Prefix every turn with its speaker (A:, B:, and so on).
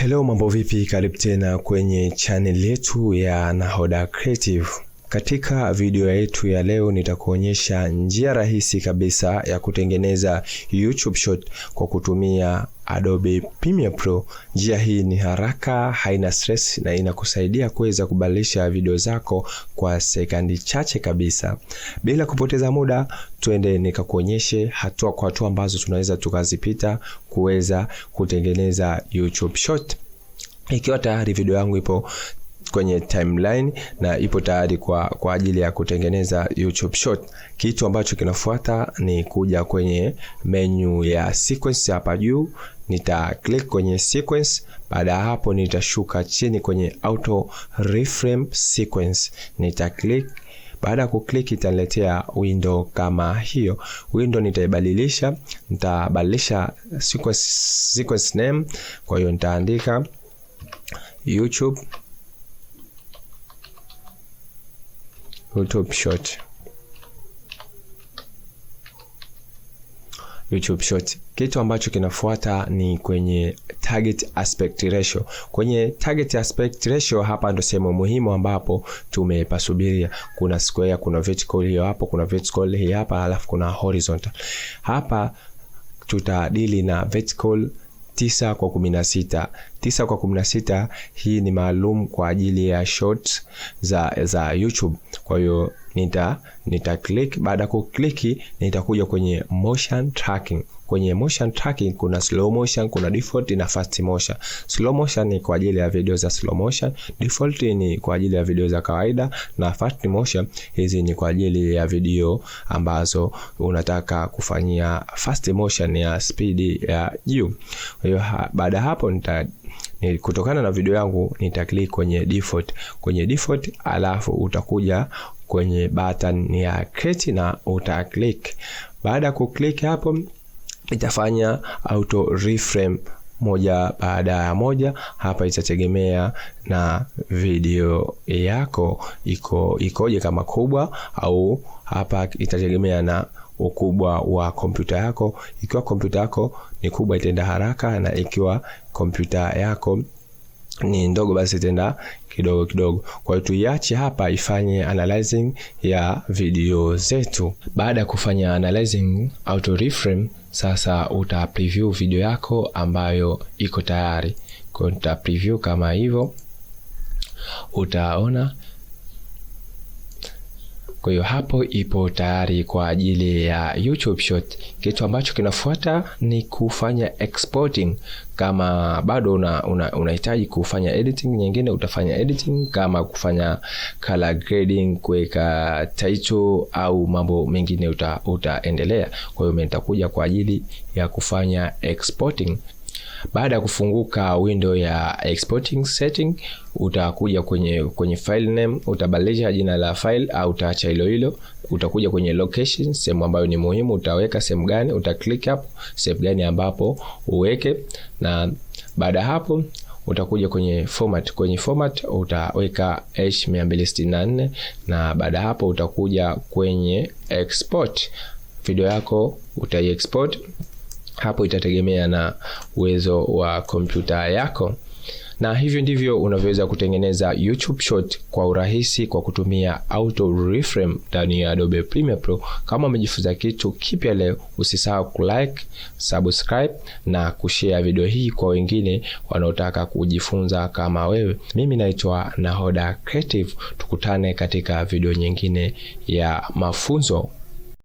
A: Hello, mambo vipi? Karibu tena kwenye channel yetu ya Nahoda Creative. Katika video yetu ya leo nitakuonyesha njia rahisi kabisa ya kutengeneza YouTube short kwa kutumia Adobe Premiere Pro. Njia hii ni haraka, haina stress na inakusaidia kuweza kubadilisha video zako kwa sekandi chache kabisa. Bila kupoteza muda, twende nikakuonyeshe hatua kwa hatua ambazo tunaweza tukazipita kuweza kutengeneza YouTube short. Ikiwa tayari video yangu ipo kwenye timeline na ipo tayari kwa, kwa ajili ya kutengeneza YouTube short. Kitu ambacho kinafuata ni kuja kwenye menu ya sequence hapa juu, nita click kwenye sequence. Baada ya hapo, nitashuka chini kwenye auto reframe sequence, nita click baada ya kuklik itaniletea window kama hiyo. Window nitaibadilisha, nitabadilisha sequence, sequence name. Kwa hiyo nitaandika YouTube YouTube short. YouTube short. Kitu ambacho kinafuata ni kwenye target aspect ratio. Kwenye target aspect ratio hapa ndo sehemu muhimu ambapo tumepasubiria. Kuna square, kuna vertical hiyo hapo, kuna vertical hii hapa, alafu kuna horizontal. Hapa tutadili na vertical tisa kwa kumi na sita. Tisa kwa kumi na sita hii ni maalum kwa ajili ya shorts za, za YouTube. Kwa hiyo nita, nita click. Baada ya kukliki nitakuja kwenye motion tracking. Kwenye motion tracking kuna slow motion, kuna default na fast motion. Slow motion ni kwa ajili ya video za slow motion, default ni kwa ajili ya video za kawaida na fast motion hizi ni kwa ajili ya video ambazo unataka kufanyia fast motion ya speed ya juu. Kwa hiyo baada hapo nita ni kutokana na video yangu nitaklik kwenye default, kwenye default alafu utakuja kwenye button ya create na uta click. Baada ya click hapo itafanya auto reframe moja baada ya moja. Hapa itategemea na video yako iko ikoje, kama kubwa au hapa itategemea na ukubwa wa kompyuta yako. Ikiwa kompyuta yako ni kubwa itaenda haraka, na ikiwa kompyuta yako ni ndogo basi itaenda kidogo kidogo. Kwa hiyo tuiache hapa ifanye analyzing ya video zetu. Baada ya kufanya analyzing auto reframe, sasa uta preview video yako ambayo iko tayari. Kwa hiyo uta preview kama hivyo, utaona kwa hiyo hapo ipo tayari kwa ajili ya YouTube short. Kitu ambacho kinafuata ni kufanya exporting. Kama bado unahitaji una, una kufanya editing nyingine, utafanya editing kama kufanya color grading, kuweka title au mambo mengine uta, utaendelea. Kwa hiyo mimi nitakuja kwa ajili ya kufanya exporting. Baada ya kufunguka window ya exporting setting, utakuja kwenye kwenye file name, utabadilisha jina la file au utaacha hilo hilo. Utakuja kwenye location, sehemu ambayo ni muhimu, utaweka sehemu gani, uta click up sehemu gani ambapo uweke, na baada hapo utakuja kwenye format. Kwenye format utaweka H264 na baada hapo utakuja kwenye export video yako utaiexport. Hapo itategemea na uwezo wa kompyuta yako, na hivyo ndivyo unavyoweza kutengeneza YouTube short kwa urahisi kwa kutumia auto reframe ndani ya Adobe Premiere Pro. Kama umejifunza kitu kipya leo, usisahau kulike, subscribe na kushare video hii kwa wengine wanaotaka kujifunza kama wewe. Mimi naitwa Nahoda Creative, tukutane katika video nyingine ya mafunzo.